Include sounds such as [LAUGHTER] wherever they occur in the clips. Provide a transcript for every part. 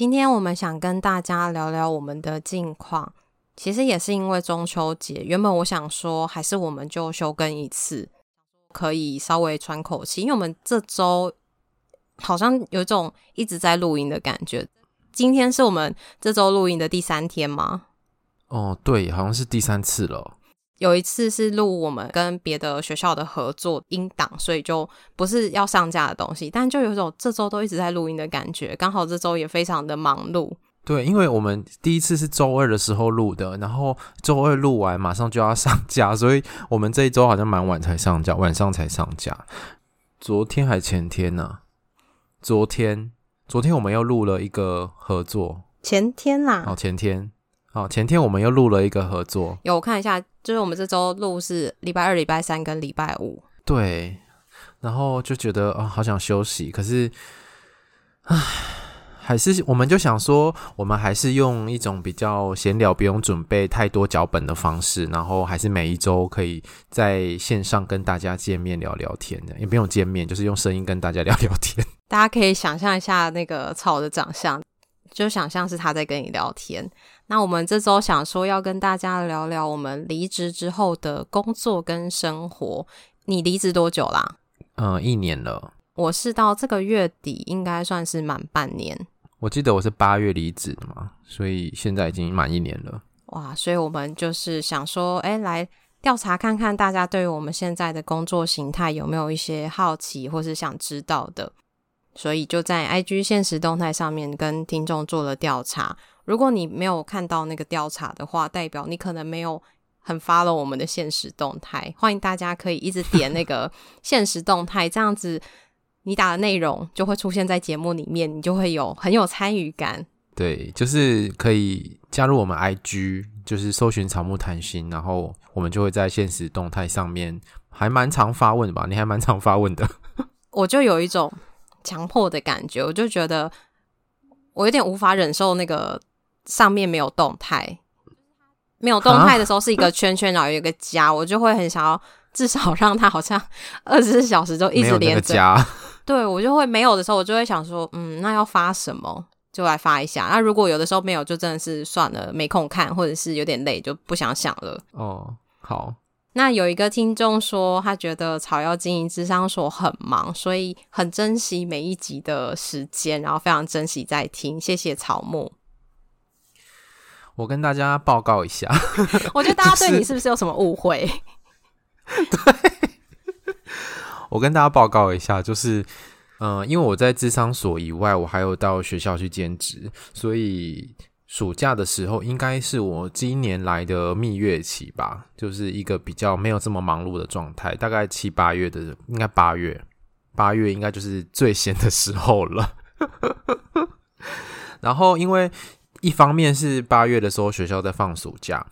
今天我們想跟大家聊聊我們的近況，其實也是因為中秋節。原本我想說，還是我們就休更一次，可以稍微喘口氣，因為我們這周好像有種一直在錄音的感覺。今天是我們這周錄音的第三天嗎？哦，對，好像是第三次了。有一次是錄我們跟別的學校的合作音檔，所以就不是要上架的東西。但就有種這周都一直在錄音的感覺，剛好這周也非常的忙碌。對，因為我們第一次是周二的時候錄的，然後周二錄完馬上就要上架，所以我們這一周好像蠻晚才上架，晚上才上架。昨天還前天呢、啊？昨天，昨天我們又錄了一個合作。前天啦、啊？哦，前天。好，前天我們又錄了一個合作有。有我看一下，就是我們這周錄是禮拜二、禮拜三跟禮拜五。對，然後就覺得啊、哦，好想休息，可是，唉，還是我們就想說，我們還是用一種比較閒聊，不用準備太多腳本的方式，然後還是每一周可以在線上跟大家見面聊聊天的，也不用見面，就是用聲音跟大家聊聊天。大家可以想象一下那個草的長相，就想象是他在跟你聊天。那我們這周想說要跟大家聊聊我們離職之後的工作跟生活。你離職多久啦？嗯，一年了。我是到這個月底，應該算是滿半年。我記得我是八月離職的嘛，所以現在已經滿一年了。哇，所以我們就是想說，哎，來調查看看大家對於我們現在的工作形態有沒有一些好奇或是想知道的，所以就在 IG 限時動態上面跟聽眾做了調查。如果你沒有看到那個調查的話，代表你可能沒有很 follow 我們的限時動態。歡迎大家可以一直點那個限時動態， [LAUGHS] 這樣子你打的內容就會出現在節目裡面，你就會有很有參與感。對，就是可以加入我們 IG，就是搜尋草木談心，然後我們就會在限時動態上面還蠻常發問的吧？你還蠻常發問的， [LAUGHS] 我就有一種強迫的感覺，我就覺得我有點無法忍受那個。上面沒有動態，沒有動態的時候是一個圈圈。蛤然後有一個加，我就會很想要至少讓它好像二十四小時就一直連着。家對我就會沒有的時候，我就會想說，嗯，那要發什麼，就來發一下。那如果有的時候沒有，就真的是算了，沒空看，或者是有點累，就不想想了。哦，好。那有一個聽眾說，他覺得草藥經營諮商所很忙，所以很珍惜每一集的時間，然後非常珍惜在聽，謝謝草木。我跟大家報告一下，我覺得大家對你是不是有什麼誤會？ [LAUGHS] 就是對 [LAUGHS] 我跟大家報告一下，就是，嗯，因為我在諮商所以外，我還有到學校去兼職，所以暑假的時候，應該是我今年來的蜜月期吧，就是一個比較沒有這麼忙碌的狀態，大概七八月的，應該八月，八月應該就是最閒的時候了。然後因為。一方面是八月的時候，學校在放暑假，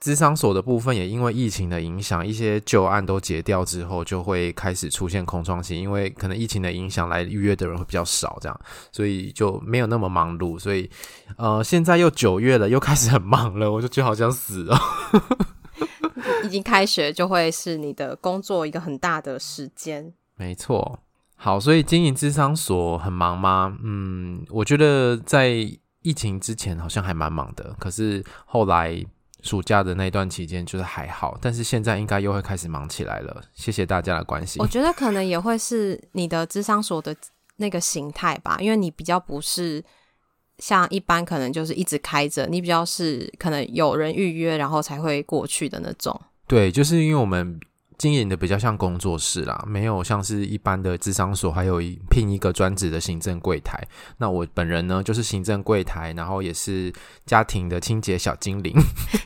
諮商所的部分也因為疫情的影響，一些舊案都結掉之後，就會開始出現空窗期，因為可能疫情的影響，來預約的人會比較少，這樣，所以就沒有那麼忙碌。所以，呃，現在又九月了，又開始很忙了，我就覺得好像死了。 [LAUGHS] 已經開學就會是你的工作一個很大的時間，沒錯。好，所以經營諮商所很忙嗎？嗯，我覺得在。疫情之前好像還蠻忙的，可是後來暑假的那段期間就是還好，但是現在應該又會開始忙起來了。謝謝大家的關心。我覺得可能也會是你的諮商所的那個形態吧，因為你比較不是像一般，可能就是一直開着，你比較是可能有人預約然後才會過去的那種。對，就是因為我們。經營的比較像工作室啦，沒有像是一般的諮商所，還有一聘一個專職的行政櫃檯。那我本人呢，就是行政櫃檯，然後也是家庭的清潔小精靈。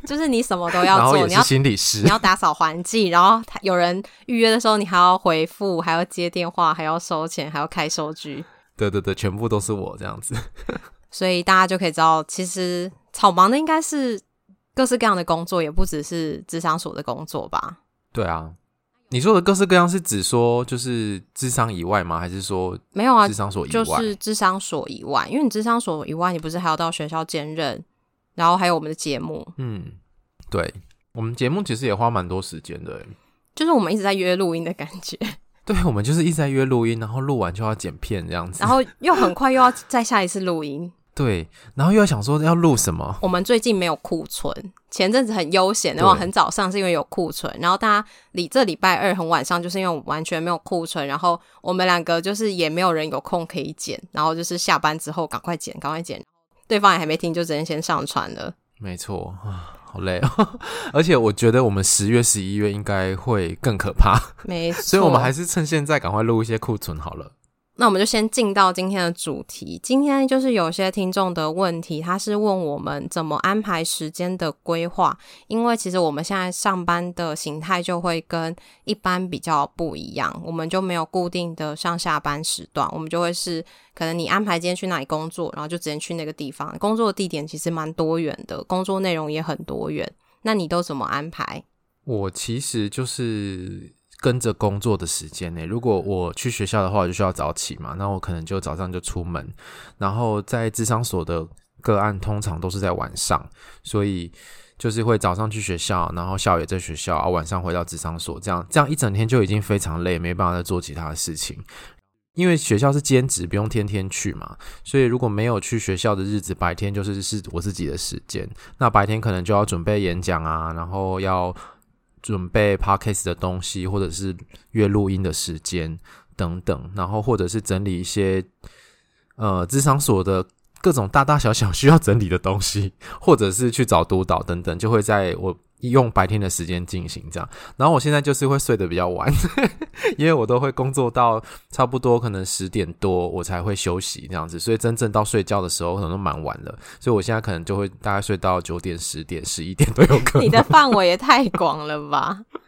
就是你什麼都要做，你 [LAUGHS] 是心理師，你要，你要打掃環境， [LAUGHS] 然後有人預約的時候，你還要回復，還要接電話，還要收錢，還要開收據。對對對，全部都是我這樣子。 [LAUGHS] 所以大家就可以知道，其實草木的應該是各式各樣的工作，也不只是諮商所的工作吧？對啊。你說的各式各樣是指說就是諮商以外嗎？還是說，沒有啊？諮商所以外就是諮商所以外，因為你諮商所以外，你不是還要到學校兼任，然後還有我們的節目。嗯，對，我們節目其實也花蠻多時間的，就是我們一直在約錄音的感覺。對，我們就是一直在約錄音，然後錄完就要剪片這樣子， [LAUGHS] 然後又很快又要再下一次錄音。對，然後又要想說要錄什麼？我們最近沒有庫存，前陣子很悠閒，然後很早上是因為有庫存，對然後大家里這禮拜二很晚上，就是因為完全沒有庫存，然後我們兩個就是也沒有人有空可以剪，然後就是下班之後趕快剪，趕快剪，對方也還沒聽，就直接先上傳了。沒錯，好累，喔，哦。 [LAUGHS] 而且我覺得我們十月、十一月應該會更可怕， [LAUGHS] 沒錯錯，所以我們還是趁現在趕快錄一些庫存好了。那我們就先進到今天的主題。今天就是有些聽眾的問題，他是問我們怎麼安排時間的規劃。因為其實我們現在上班的形態就會跟一般比較不一樣，我們就沒有固定的上下班時段，我們就會是可能你安排今天去哪裡工作，然後就直接去那個地方。工作地點其實蠻多元的，工作內容也很多元。那你都怎麼安排？我其實就是。跟着工作的時間呢、欸？如果我去學校的話，我就需要早起嘛，那我可能就早上就出門，然後在諮商所的個案通常都是在晚上，所以就是會早上去學校，然後下午也在學校，啊、晚上回到諮商所，這樣這樣一整天就已經非常累，沒辦法再做其他的事情。因為學校是兼職，不用天天去嘛，所以如果沒有去學校的日子，白天就是是我自己的時間，那白天可能就要準備演講啊，然後要。準備 Podcast 的東西，或者是約錄音的時間等等，然後或者是整理一些呃，職場所的。各種大大小小需要整理的東西，或者是去找督導等等，就會在我用白天的時間進行這樣。然後我現在就是會睡得比較晚，呵呵，因為我都會工作到差不多可能十點多，我才會休息這樣子，所以真正到睡覺的時候可能都蠻晚的。所以我現在可能就會大概睡到九點、十點、十一點都有可能。你的範圍也太廣了吧！ [LAUGHS]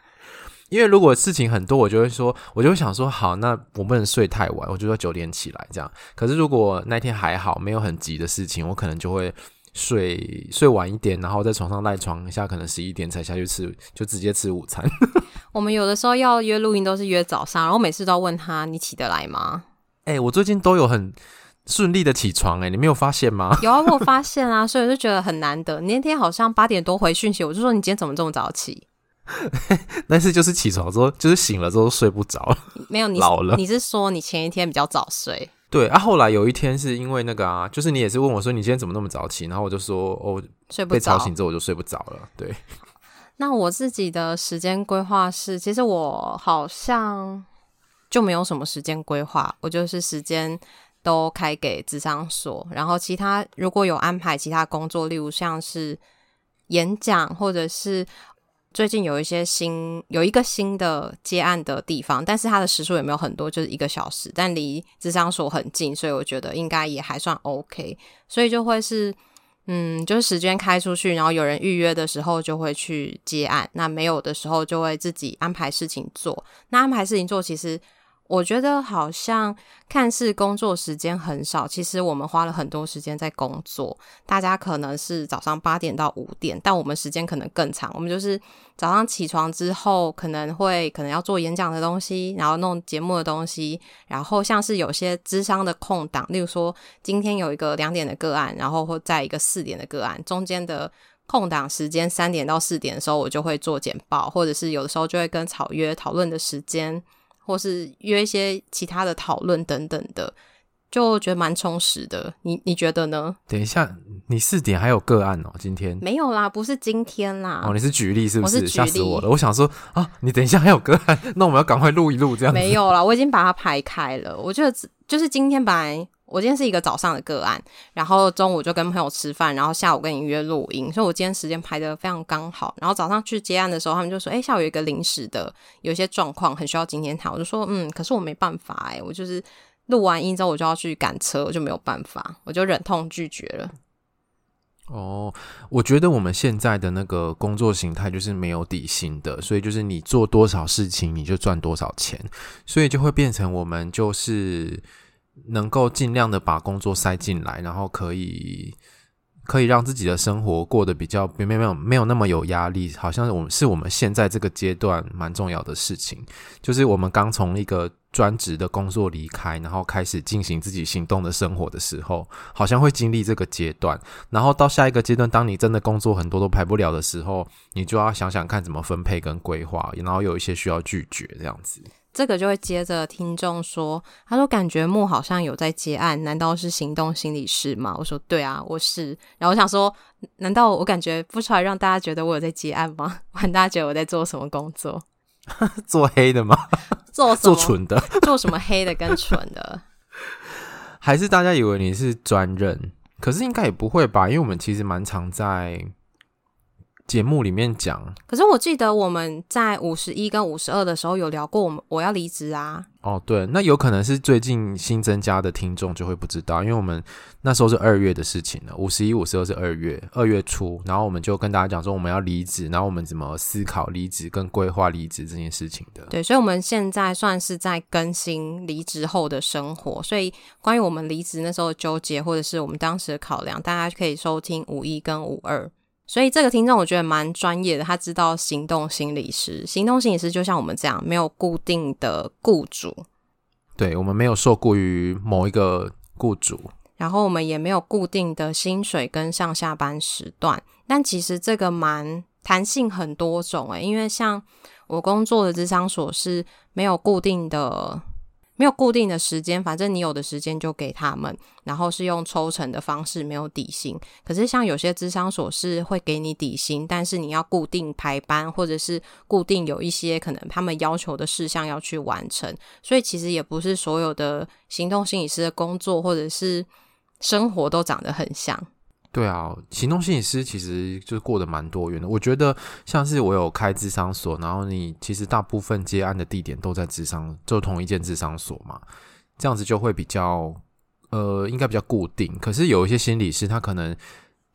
因為如果事情很多，我就會說，我就會想說，好，那我不能睡太晚，我就說九點起來這樣。可是如果那天還好，沒有很急的事情，我可能就會睡睡晚一點，然後在床上賴床一下，可能十一點才下去吃，就直接吃午餐。 [LAUGHS] 我們有的時候要約錄音都是約早上，然後每次都要問他，你起得來嗎？誒、欸，我最近都有很順利的起床，欸，誒，你沒有發現嗎？ [LAUGHS] 有啊，我有發現啊，所以我就覺得很難得。你那天好像八點多回訊息，我就說你今天怎麼這麼早起？但是 [LAUGHS] 就是起床之後，就是醒了之後睡不着。沒有，你老了，你是說你前一天比較早睡？對啊，後來有一天是因為那個啊，就是你也是問我說，你今天怎麼那麼早起？然後我就說哦，睡不著，被吵醒之後我就睡不着了。對，那我自己的時間規劃是，其實我好像就沒有什麼時間規劃，我就是時間都開給諮商所，然後其他如果有安排其他工作，例如像是演講或者是。最近有一些新，有一個新的接案的地方，但是它的時數也沒有很多，就是一個小時。但離諮商所很近，所以我覺得應該也還算 OK。所以就會是，嗯，就是時間開出去，然後有人預約的時候就會去接案；那沒有的時候就會自己安排事情做。那安排事情做其實。我覺得好像看似工作時間很少，其實我們花了很多時間在工作。大家可能是早上八點到五點，但我們時間可能更長。我們就是早上起床之後，可能會可能要做演講的東西，然後弄節目的東西，然後像是有些諮商的空檔，例如說今天有一個兩點的個案，然後再一個四點的個案，中間的空檔時間三點到四點的時候，我就會做簡報，或者是有的時候就會跟草約討論的時間。或是約一些其他的討論等等的，就覺得蠻充實的。你你覺得呢？等一下，你四點還有個案哦，今天沒有啦，不是今天啦。哦，你是舉例是不是？嚇死我了！我想說啊，你等一下還有個案，那我們要趕快錄一錄這樣子。 [LAUGHS] 沒有啦，我已經把它排開了。我覺得就是今天本來。我今天是一個早上的個案，然後中午就跟朋友吃飯，然後下午跟你約錄音，所以，我今天時間排得非常剛好。然後早上去接案的時候，他們就說：“哎，下午有一個臨時的，有一些狀況，很需要今天談。”我就說：“嗯，可是我沒辦法，哎，我就是錄完音之後我就要去趕車，我就沒有辦法，我就忍痛拒絕了。”哦，我覺得我們現在的那個工作形態就是沒有底薪的，所以就是你做多少事情你就賺多少錢，所以就會變成我們就是。能夠盡量的把工作塞進來，然後可以可以讓自己的生活過得比較沒有沒有沒有那麼有壓力。好像我們是我們現在這個階段蠻重要的事情，就是我們剛從一個專職的工作離開，然後開始進行自己行動的生活的時候，好像會經歷這個階段。然後到下一個階段，當你真的工作很多都排不了的時候，你就要想想看怎麼分配跟規劃，然後有一些需要拒絕這樣子。這個就會接着聽眾說，他說感覺木好像有在接案，難道是行動心理師嗎？我說對啊，我是。然後我想說，難道我感覺不出來讓大家覺得我有在接案嗎？讓大家覺得我在做什麼工作？做黑的嗎？做什麼做蠢的？做什麼黑的跟蠢的？還是大家以為你是專任？可是應該也不會吧，因為我們其實蠻常在。節目裡面講，可是我記得我們在五十一跟五十二的時候有聊過，我們我要離職啊。哦，對，那有可能是最近新增加的聽眾就會不知道，因為我們那時候是二月的事情了，五十一、五十二是二月二月初，然後我們就跟大家講說我們要離職，然後我們怎麼思考離職跟規劃離職這件事情的。對，所以我們現在算是在更新離職後的生活，所以關於我們離職那時候的糾結或者是我們當時的考量，大家可以收聽五一跟五二。所以這個聽眾我覺得蠻專業的，他知道行動心理師。行動心理師就像我們這樣，沒有固定的雇主。對，我們沒有受雇於某一個雇主，然後我們也沒有固定的薪水跟上下班時段。但其實這個蠻彈性很多種哎、欸，因為像我工作的諮商所是沒有固定的。沒有固定的時間，反正你有的時間就給他們。然後是用抽成的方式，沒有底薪。可是像有些諮商所是會給你底薪，但是你要固定排班，或者是固定有一些可能他們要求的事項要去完成。所以其實也不是所有的行動心理師的工作或者是生活都長得很像。對啊，行動心理師其實就是過得蠻多元的。我覺得像是我有開諮商所，然後你其實大部分接案的地點都在諮商，就同一間諮商所嘛，這樣子就會比較，呃，應該比較固定。可是有一些心理師，他可能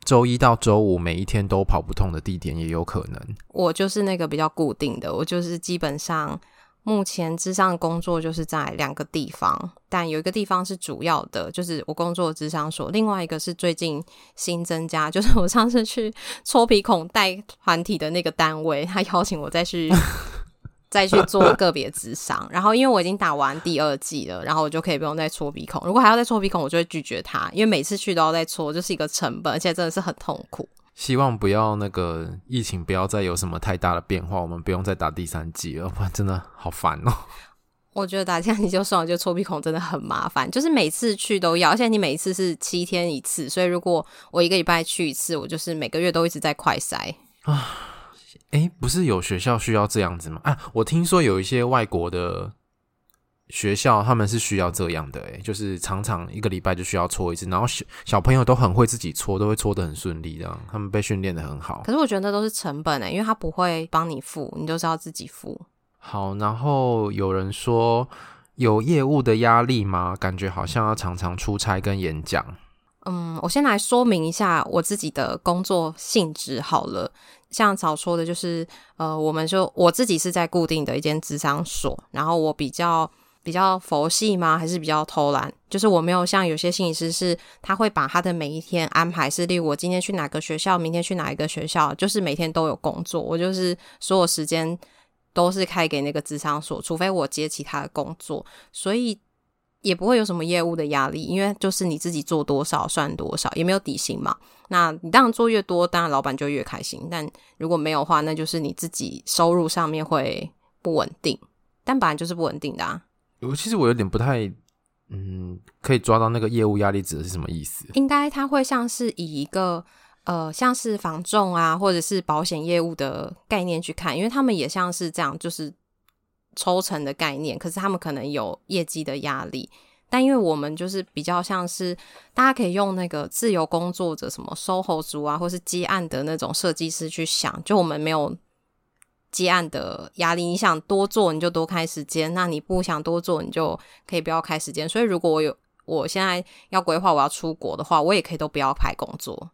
周一到周五每一天都跑不同的地點也有可能。我就是那個比較固定的，我就是基本上。目前諮商工作，就是在兩個地方，但有一個地方是主要的，就是我工作的諮商所。另外一個是最近新增加，就是我上次去戳鼻孔帶團體的那個單位，他邀請我再去 [LAUGHS] 再去做個別諮商。然後因為我已經打完第二劑了，然後我就可以不用再戳鼻孔。如果還要再戳鼻孔，我就會拒絕他，因為每次去都要再戳，就是一個成本，而且真的是很痛苦。希望不要那個疫情不要再有什麼太大的變化，我們不用再打第三劑了，不然真的好煩哦、喔。我覺得打這樣你就算就抽鼻孔真的很麻煩，就是每次去都要。而且你每一次是七天一次，所以如果我一個禮拜去一次，我就是每個月都一直在快篩啊。哎，不是有學校需要這樣子嗎？啊，我聽說有一些外國的。學校他們是需要這樣的。欸，就是常常一個禮拜就需要搓一次，然後小小朋友都很會自己搓，都會搓得很順利，這樣他們被訓練得很好。可是我覺得都是成本。欸、因為他不會幫你付，你就是要自己付。好，然後有人說有業務的壓力嗎？感覺好像要常常出差跟演講。嗯，我先來說明一下我自己的工作性質好了，像早說的就是，呃，我們就我自己是在固定的一間諮商所，然後我比較。比較佛系嗎？還是比較偷懶？就是我沒有像有些心理師是，他會把他的每一天安排是，例如我今天去哪個學校，明天去哪一個學校，就是每天都有工作。我就是所有時間都是開給那個諮商所，除非我接其他的工作，所以也不會有什麼業務的壓力，因為就是你自己做多少算多少，也沒有底薪嘛。那你當然做越多，當然老板就越開心。但如果沒有的話，那就是你自己收入上面會不穩定，但本來就是不穩定的啊。我其實我有點不太，嗯，可以抓到那個業務壓力指的是什麼意思？應該它會像是以一個呃，像是房仲啊，或者是保險業務的概念去看，因為他們也像是這樣，就是抽成的概念。可是他們可能有業績的壓力，但因為我們就是比較像是大家可以用那個自由工作者什麼 SOHO 族啊，或是接案的那種設計師去想，就我們沒有。接案的壓力，你想多做你就多開時間，那你不想多做你就可以不要開時間。所以如果我有我現在要規劃我要出國的話，我也可以都不要排工作，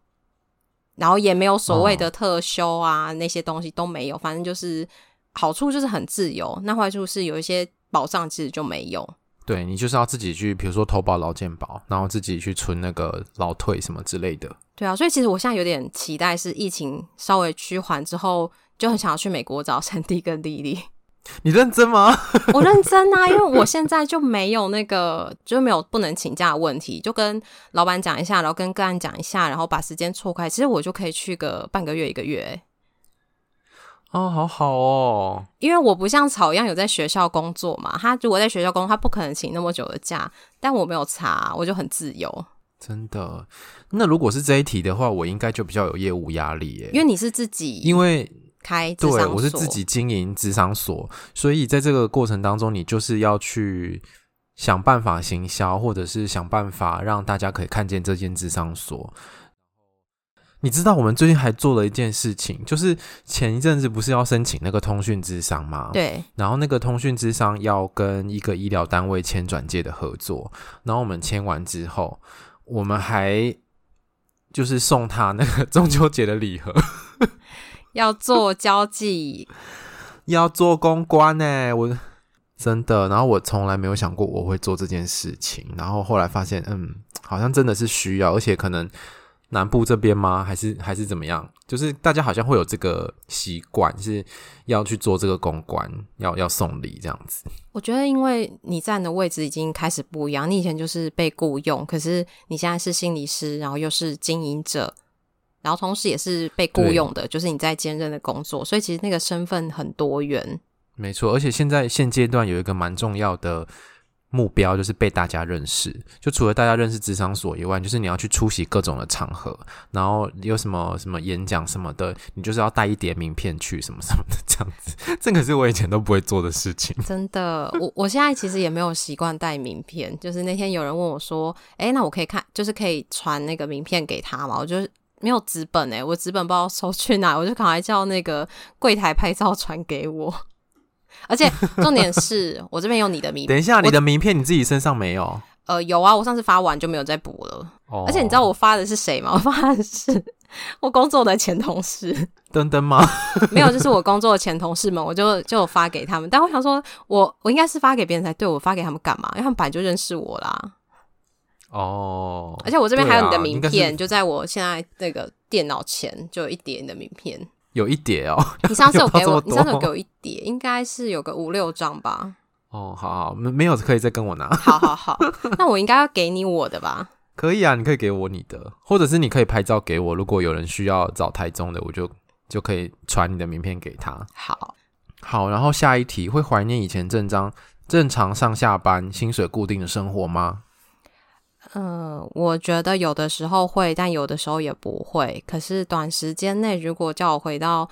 然後也沒有所謂的特休啊 Wow. 那些東西都沒有，反正就是好處就是很自由，那壞處是有一些保障其實就沒有。對你就是要自己去，比如說投保勞健保，然後自己去存那個勞退什麼之類的。對啊，所以其實我現在有點期待，是疫情稍微趨緩之後，就很想要去美國找珊迪跟麗麗。你認真嗎？ [LAUGHS] 我認真啊，因為我現在就沒有那個，就沒有不能請假的問題，就跟老闆講一下，然後跟個案講一下，然後把時間錯開，其實我就可以去個半個月一個月，欸。哦，好好哦，因為我不像草一樣有在學校工作嘛。他如果在學校工作，他不可能請那麼久的假。但我沒有差，我就很自由。真的？那如果是這一題的話，我應該就比較有業務壓力耶。因為你是自己，因為開諮商所。對，我是自己經營諮商所，所以在這個過程當中，你就是要去想辦法行銷，或者是想辦法讓大家可以看見這間諮商所。你知道我們最近還做了一件事情，就是前一陣子不是要申請那個通訊諮商嗎？對。然後那個通訊諮商要跟一個醫療單位簽轉介的合作，然後我們簽完之後，我們還就是送他那個中秋節的禮盒，嗯，要做交際， [LAUGHS] 要做公關呢、欸。我真的，然後我從來沒有想過我會做這件事情，然後後來發現，嗯，好像真的是需要，而且可能。南部這邊嗎？還是還是怎麼樣？就是大家好像會有這個習慣，是要去做這個公關，要要送禮這樣子。我覺得，因為你站的位置已經開始不一樣，你以前就是被雇傭，可是你現在是心理師，然後又是經營者，然後同時也是被雇傭的，對就是你在兼任的工作，所以其實那個身份很多元。沒錯，而且現在現階段有一個蠻重要的。目標就是被大家認識，就除了大家認識智商諮商所以外，就是你要去出席各種的場合，然後有什麼什麼演講什麼的，你就是要帶一點名片去，什麼什麼的這樣子。這可是我以前都不會做的事情。真的，我我現在其實也沒有習慣帶名片。 [LAUGHS] 就是那天有人問我說：“誒、欸，那我可以看，就是可以傳那個名片給他嗎？”我就是沒有紙本誒、欸，我紙本不知道收去哪，我就趕快叫那個櫃台拍照傳給我。而且重點是我這邊有你的名。等一下，我你的名片你自己身上沒有？呃，有啊，我上次發完就沒有再補了。Oh. 而且你知道我發的是誰嗎？我發的是我工作的前同事。登登嗎？ [LAUGHS] 沒有，就是我工作的前同事們，我就就發給他們。但我想說我，我我應該是發給別人才對我，我發給他們幹嘛？因為他們本來就認識我啦。哦。Oh. 而且我這邊還有你的名片，啊、就在我現在那個電腦前，就有一疊你的名片。有一疊哦，你上次有給我，你上次有給我一疊，應該是有個五六張吧。哦，好好，沒沒有可以再跟我拿。好好好， [LAUGHS] 那我應該要給你我的吧？可以啊，你可以給我你的，或者是你可以拍照給我。如果有人需要找台中的，我就就可以傳你的名片給他。好，好，然後下一題，會懷念以前正常正常上下班，薪水固定的生活嗎？呃、嗯，我覺得有的時候會，但有的時候也不會。可是短時間內，如果叫我回到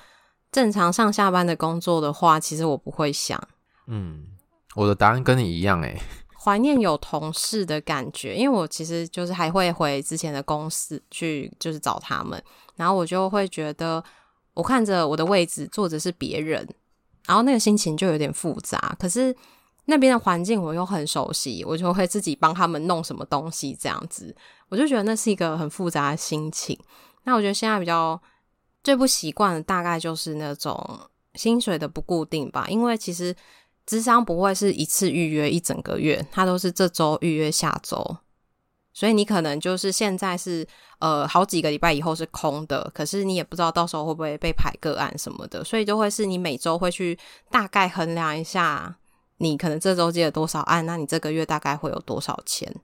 正常上下班的工作的話，其實我不會想。嗯，我的答案跟你一樣，欸，哎，懷念有同事的感覺，因為我其實就是還會回之前的公司去，就是找他們，然後我就會覺得，我看着我的位置坐着是別人，然後那個心情就有點複雜。可是，那邊的環境我又很熟悉，我就會自己幫他們弄什麼東西這樣子，我就覺得那是一個很複雜的心情。那我覺得現在比較最不習慣的大概就是那種薪水的不固定吧，因為其實諮商，不會是一次預約一整個月，它都是這周預約下周，所以你可能就是現在是呃、好幾個禮拜以後是空的，可是你也不知道到時候會不會被排個案什麼的，所以就會是你每周會去大概衡量一下。你可能這週接了多少案，啊，那你這個月大概會有多少錢？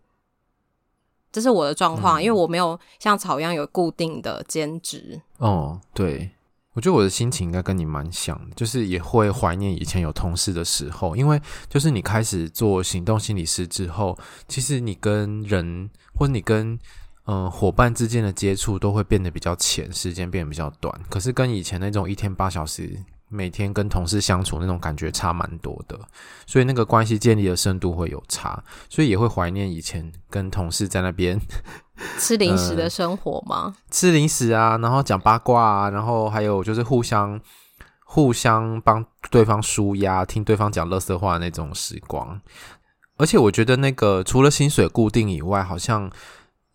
這是我的狀況，嗯、因為我沒有像草一樣有固定的兼職。哦，對，我覺得我的心情應該跟你蠻像的，就是也會懷念以前有同事的時候，因為就是你開始做行動心理師之後，其實你跟人或者你跟嗯、呃、夥伴之間的接觸都會變得比較淺，時間變得比較短。可是跟以前那種一天八小時，每天跟同事相處那種感覺差蠻多的，所以那個關係建立的深度會有差，所以也會懷念以前跟同事在那邊吃零食的生活嗎？嗯、吃零食啊，然後講八卦啊，然後還有就是互相互相幫對方紓壓，聽對方講垃圾話的那種時光。而且我覺得那個除了薪水固定以外，好像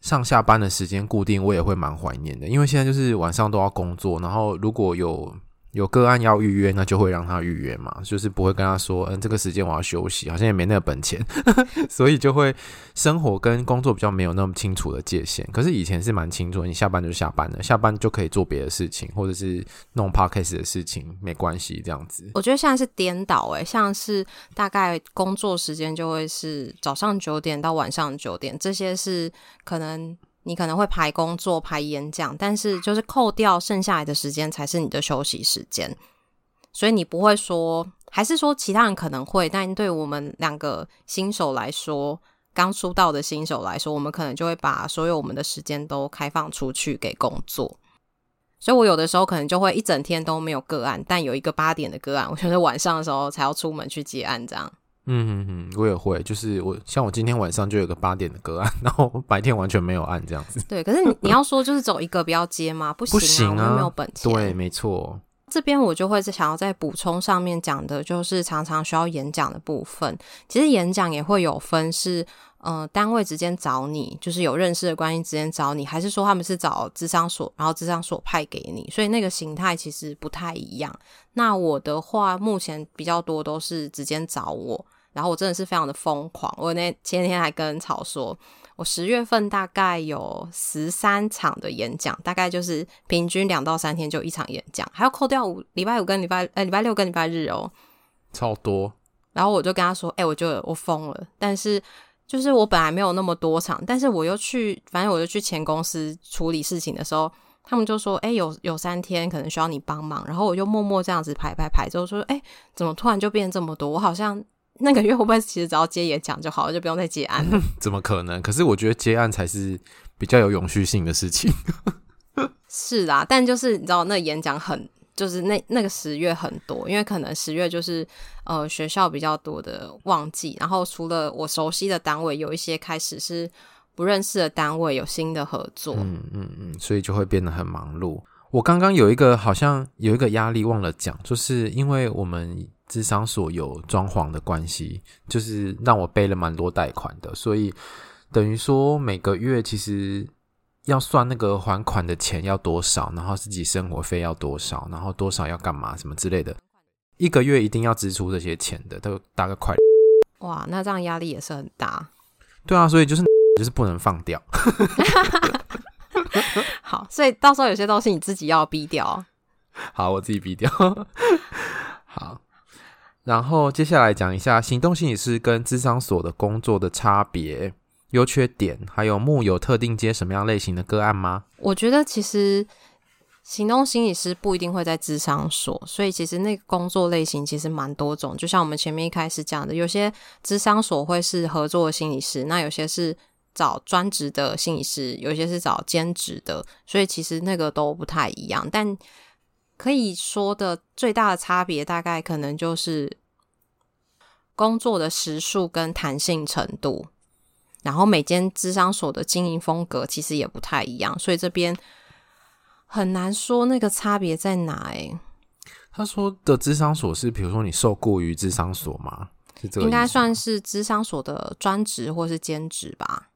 上下班的時間固定，我也會蠻懷念的，因為現在就是晚上都要工作，然後如果有。有個案要預約，那就會讓他預約嘛，就是不會跟他說，嗯，這個時間我要休息，好像也沒那個本錢， [LAUGHS] 所以就會生活跟工作比較沒有那麼清楚的界限。可是以前是蠻清楚，你下班就下班了，下班就可以做別的事情，或者是弄 podcast 的事情，沒關係。這樣子，我覺得現在是顛倒哎、欸，像是大概工作時間就會是早上九點到晚上九點，這些是可能。你可能會排工作、排演講，但是就是扣掉剩下來的時間才是你的休息時間，所以你不會說，還是說其他人可能會，但對我們兩個新手來說，剛出道的新手來說，我們可能就會把所有我們的時間都開放出去給工作，所以我有的時候可能就會一整天都沒有個案，但有一個八點的個案，我覺得晚上的時候才要出門去接案這樣。嗯嗯嗯，我也會，就是我像我今天晚上就有個八點的個案，然後白天完全沒有案這樣子。對，可是你， [LAUGHS] 你要說就是走一個比較接嗎？不行啊，不行啊，我沒有本錢。對，沒錯。這邊我就會想要再補充上面講的，就是常常需要演講的部分。其實演講也會有分是，是、呃、嗯單位直接找你，就是有認識的關係直接找你，還是說他們是找諮商所，然後諮商所派給你，所以那個形態其實不太一樣。那我的話目前比較多都是直接找我。然後我真的是非常的瘋狂，我那前天還跟草說，我十月份大概有十三場的演講，大概就是平均兩到三天就一場演講，還要扣掉五禮拜五跟禮拜呃、哎、禮拜六跟禮拜日哦，超多。然後我就跟他說，哎，我就我瘋了。但是就是我本來沒有那麼多場，但是我又去反正我就去前公司處理事情的時候，他們就說，哎，有有三天可能需要你幫忙。然後我就默默這樣子排排排，之後說，哎，怎麼突然就變這麼多？我好像。那個月會不會其實只要接演講就好了，就不用再接案，嗯？怎麼可能？可是我覺得接案才是比較有永續性的事情。 [LAUGHS] 是啊，但就是你知道，那個演講很，就是那那個十月很多，因為可能十月就是呃學校比較多的旺季，然後除了我熟悉的單位，有一些開始是不認識的單位，有新的合作，嗯嗯嗯，所以就會變得很忙碌。我剛剛有一個好像有一個壓力忘了講，就是因為我們。諮商所有裝潢的關係，就是讓我背了蠻多貸款的，所以等於說每個月其實要算那個還款的錢要多少，然後自己生活費要多少，然後多少要幹嘛什麼之類的，一個月一定要支出這些錢的，都大個快。哇，那這樣壓力也是很大。對啊，所以就是就是不能放掉。 [LAUGHS] [LAUGHS] 好，所以到時候有些東西你自己要逼掉。好，我自己逼掉。 [LAUGHS] 好。然後接下來講一下行動心理師跟諮商所的工作的差別、優缺點，還有木有特定接什麼樣類型的個案嗎？我覺得其實行動心理師不一定會在諮商所，所以其實那個工作類型其實蠻多種。就像我們前面一開始講的，有些諮商所會是合作的心理師，那有些是找專職的心理師，有些是找兼職的，所以其實那個都不太一樣。但可以說的最大的差別，大概可能就是。工作的時數跟彈性程度，然後每間諮商所的經營風格其實也不太一樣，所以這邊很難說那個差別在哪，欸。哎，他說的諮商所是，比如說你受雇於諮商所嗎？嗯、是這個應該算是諮商所的專職或是兼職吧？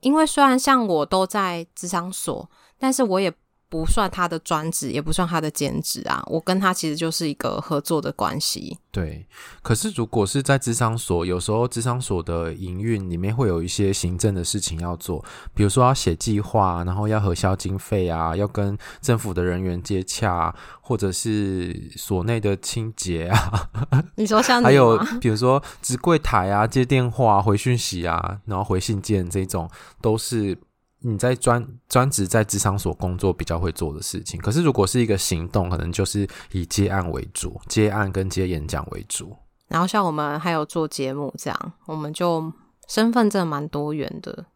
因為雖然像我都在諮商所，但是我也。不算他的專職，也不算他的兼職啊。我跟他其實就是一個合作的關係。對，可是如果是在諮商所，有時候諮商所的營運裡面會有一些行政的事情要做，比如說要寫計劃，然後要核銷經費啊，要跟政府的人員接洽，或者是所內的清潔啊。你說像你 [LAUGHS] 還有比如說值櫃台啊，接電話、回訊息啊，然後回信件這種，都是。你在專專職在諮商所工作比較會做的事情，可是如果是一個行動，可能就是以接案為主，接案跟接演講為主。然後像我們還有做節目這樣，我們就身份真的蠻多元的。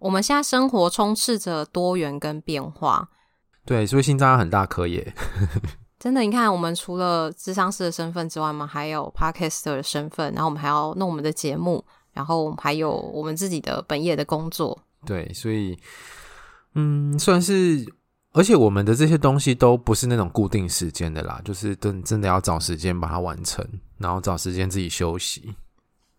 我們現在生活充斥着多元跟變化，對，所以心臟很大顆耶， [LAUGHS] 真的。你看，我們除了諮商師的身份之外嘛，還有 podcaster 的身份，然後我們還要弄我們的節目，然後還有我們自己的本業的工作。對，所以，嗯，算是，而且我們的這些東西都不是那種固定時間的啦，就是真真的要找時間把它完成，然後找時間自己休息。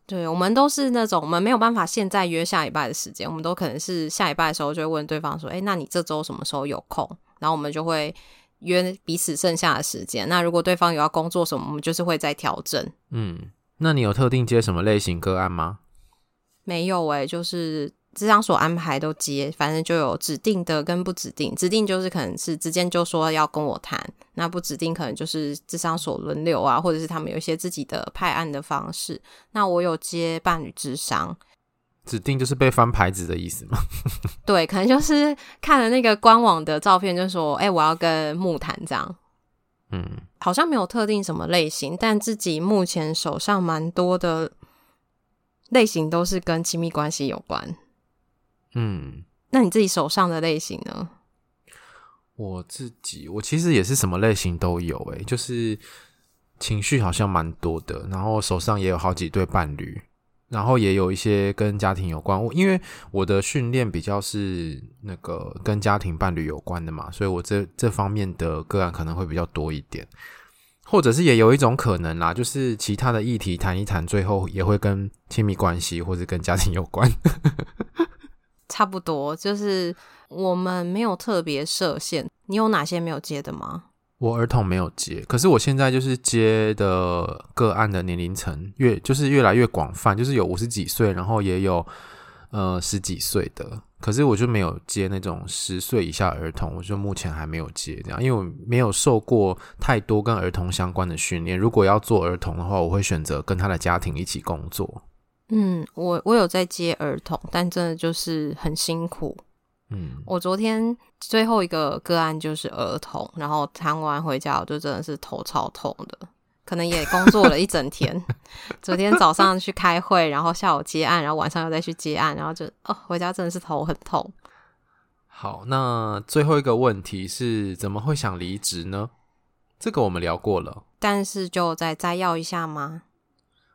對，我們都是那種，我們沒有辦法現在約下禮拜的時間，我們都可能是下禮拜的時候就會問對方說：“哎，那你這周什麼時候有空？”然後我們就會約彼此剩下的時間。那如果對方有要工作什麼，我們就是會再調整。嗯，那你有特定接什麼類型個案嗎？沒有欸，就是。諮商所安排都接，反正就有指定的跟不指定。指定就是可能是之前就說要跟我談，那不指定可能就是諮商所輪流啊，或者是他們有一些自己的派案的方式。那我有接伴侶諮商。指定就是被翻牌子的意思嗎？ [LAUGHS] 對，可能就是看了那個官網的照片，就說哎、欸，我要跟木談這樣。嗯，好像沒有特定什麼類型，但自己目前手上蠻多的類型都是跟親密關係有關。嗯，那你自己手上的類型呢？我自己，我其實也是什麼類型都有，欸，哎，就是情緒好像蠻多的，然後手上也有好幾對伴侶，然後也有一些跟家庭有關。我因為我的訓練比較是那個跟家庭伴侶有關的嘛，所以我這這方面的個案可能會比較多一點。或者是也有一種可能啦，就是其他的議題談一談，最後也會跟親密關係或者是跟家庭有關。 [LAUGHS] 差不多，就是我們沒有特別設限。你有哪些沒有接的嗎？我兒童沒有接，可是我現在就是接的個案的年齡層越，就是越來越廣泛，就是有五十幾歲，然後也有，呃，十幾歲的。可是我就沒有接那種十歲以下的兒童，我就目前還沒有接這樣，因為我沒有受過太多跟兒童相關的訓練。如果要做兒童的話，我會選擇跟他的家庭一起工作。嗯，我我有在接兒童，但真的就是很辛苦。嗯，我昨天最後一個個案就是兒童，然後談完回家，我就真的是頭超痛的，可能也工作了一整天。 [LAUGHS] 昨天早上去開會，然後下午接案，然後晚上又再去接案，然後就哦，回家真的是頭很痛。好，那最後一個問題是，怎麼會想離職呢？這個我們聊過了，但是就再摘要一下嗎？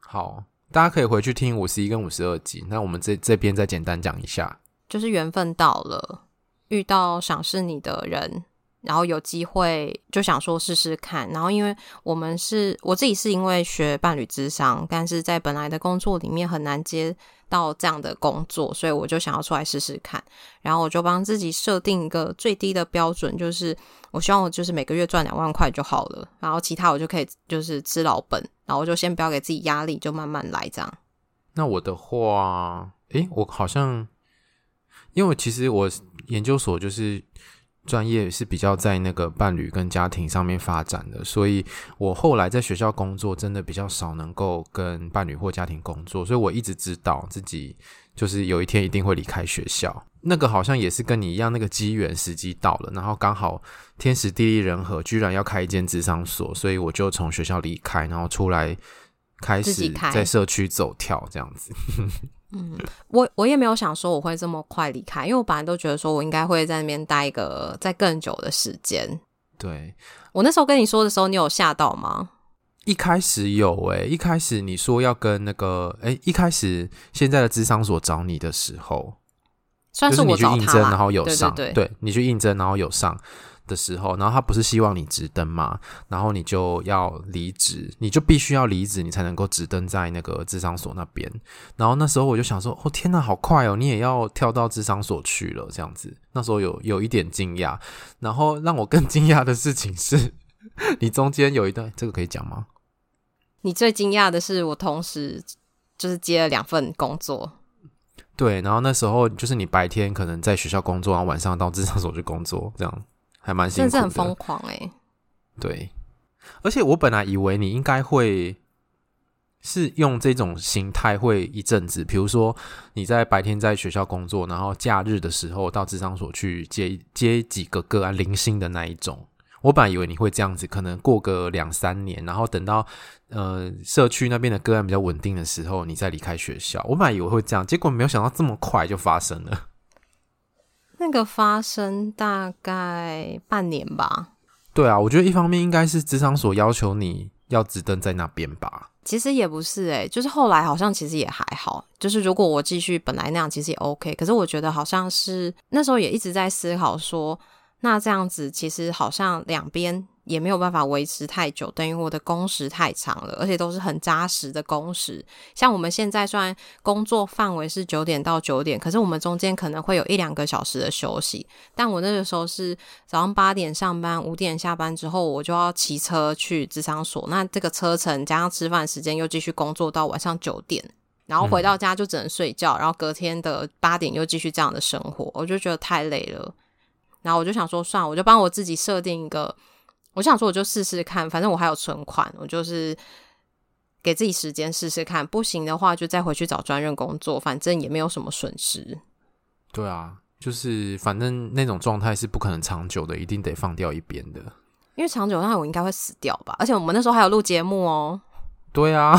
好。大家可以回去聽五十一跟五十二集，那我們這這邊再簡單講一下，就是緣分到了，遇到賞識你的人。然後有機會就想說試試看，然後因為我們是我自己是因為學伴侶諮商，但是在本來的工作裡面很難接到這樣的工作，所以我就想要出來試試看。然後我就幫自己設定一個最低的標準，就是我希望我就是每個月賺兩萬塊就好了，然後其他我就可以就是吃老本，然後我就先不要給自己壓力，就慢慢來這樣。那我的話，誒，我好像因為其實我研究所就是。專業是比較在那個伴侶跟家庭上面發展的，所以我後來在學校工作，真的比較少能夠跟伴侶或家庭工作，所以我一直知道自己就是有一天一定會離開學校。那個好像也是跟你一樣，那個機緣時機到了，然後剛好天時地利人和，居然要開一間諮商所，所以我就從學校離開，然後出來開始在社區走跳這樣子。 [LAUGHS] 嗯，我我也沒有想說我會這麼快離開，因為我本來都覺得說我應該會在那邊待一個再更久的時間。對我那時候跟你說的時候，你有嚇到嗎？一開始有哎、欸，一開始你說要跟那個哎、欸，一開始現在的諮商所找你的時候，算是我、啊、是你去應徵，然後有上對，對，對，對，你去應徵然後有上。的時候，然後他不是希望你執登嘛？然後你就要離職，你就必須要離職，你才能夠執登在那個諮商所那邊。然後那時候我就想說：“哦，天哪，好快哦！你也要跳到諮商所去了？”這樣子，那時候有有一點驚訝。然後讓我更驚訝的事情是你中間有一段，這個可以講嗎？你最驚訝的是，我同時就是接了兩份工作。對，然後那時候就是你白天可能在學校工作，然後晚上到諮商所去工作，這樣。甚至很瘋狂哎，對，而且我本來以為你應該會是用這種型態，會一陣子，比如說你在白天在學校工作，然後假日的時候到諮商所去接接幾個個案，零星的那一種。我本來以為你會這樣子，可能過個兩三年，然後等到呃社區那邊的個案比較穩定的時候，你再離開學校。我本來以為會這樣，結果沒有想到這麼快就發生了。那個發生大概半年吧。對啊，我覺得一方面應該是諮商所要求你要直登在那邊吧。其實也不是哎、欸，就是後來好像其實也還好，就是如果我繼續本來那樣，其實也 OK。可是我覺得好像是那時候也一直在思考說，那這樣子其實好像兩邊。也沒有辦法維持太久，等於我的工時太長了，而且都是很扎實的工時。像我們現在雖然工作範圍是九點到九點，可是我們中間可能會有一兩個小時的休息。但我那個時候是早上八點上班，五點下班之後，我就要騎車去諮商所。那這個車程加上吃飯時間，又繼續工作到晚上九點，然後回到家就只能睡覺，然後隔天的八點又繼續這樣的生活，我就覺得太累了。然後我就想說，算了，我就幫我自己設定一個。我想說，我就試試看，反正我還有存款，我就是給自己時間試試看，不行的話就再回去找專任工作，反正也沒有什麼損失。對啊，就是反正那種狀態是不可能長久的，一定得放掉一邊的。因為長久的話，我應該會死掉吧？而且我們那時候還有錄節目哦。對啊，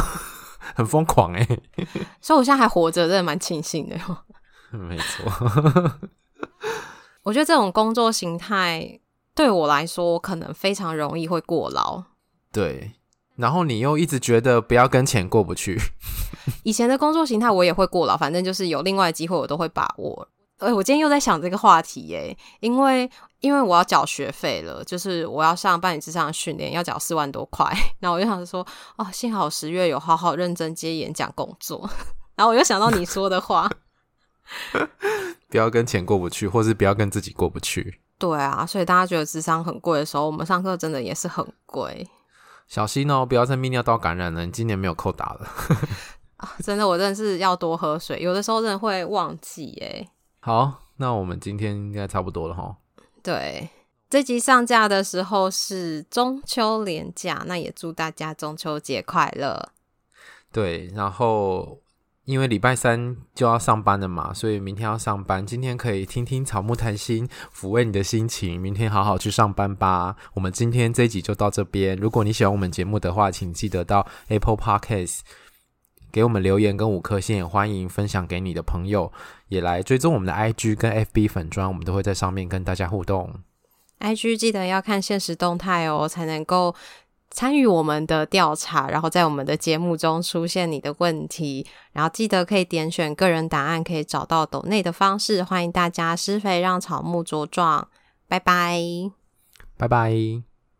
很瘋狂欸！ [LAUGHS] 所以我現在還活着，真的蠻慶幸的。 [LAUGHS] 沒錯， [LAUGHS] 我覺得這種工作型態。對我來說，我可能非常容易會過勞。對，然後你又一直覺得不要跟錢過不去。 [LAUGHS] 以前的工作形態我也會過勞，反正就是有另外的機會我都會把握。哎、欸，我今天又在想這個話題耶，因為因為我要繳學費了，就是我要上半日之上的訓練要繳四萬多塊，然後我就想說，哦，幸好十月有好好認真接演講工作，然後我又想到你說的話， [LAUGHS] 不要跟錢過不去，或是不要跟自己過不去。對啊，所以大家覺得諮商很貴的時候，我們上課真的也是很貴。小心哦，不要再泌尿道感染了。你今年沒有扣打了。 [LAUGHS] 啊、真的，我真的是要多喝水，有的時候真的會忘記哎。好，那我們今天應該差不多了哈、哦。對，這集上架的時候是中秋連假，那也祝大家中秋節快樂。對，然後。因為禮拜三就要上班了嘛，所以明天要上班。今天可以聽聽草木談心，撫慰你的心情。明天好好去上班吧。我們今天這一集就到這邊。如果你喜歡我們節目的話，請記得到 Apple Podcast 給我們留言跟五顆星，也歡迎分享給你的朋友，也來追蹤我們的 IG 跟 FB 粉專，我們都會在上面跟大家互動。IG 記得要看限時動態哦，才能夠。參與我們的調查，然後在我們的節目中出現你的問題，然後記得可以點選個人檔案，可以找到抖內的方式。歡迎大家施肥，讓草木茁壯，拜拜，拜拜。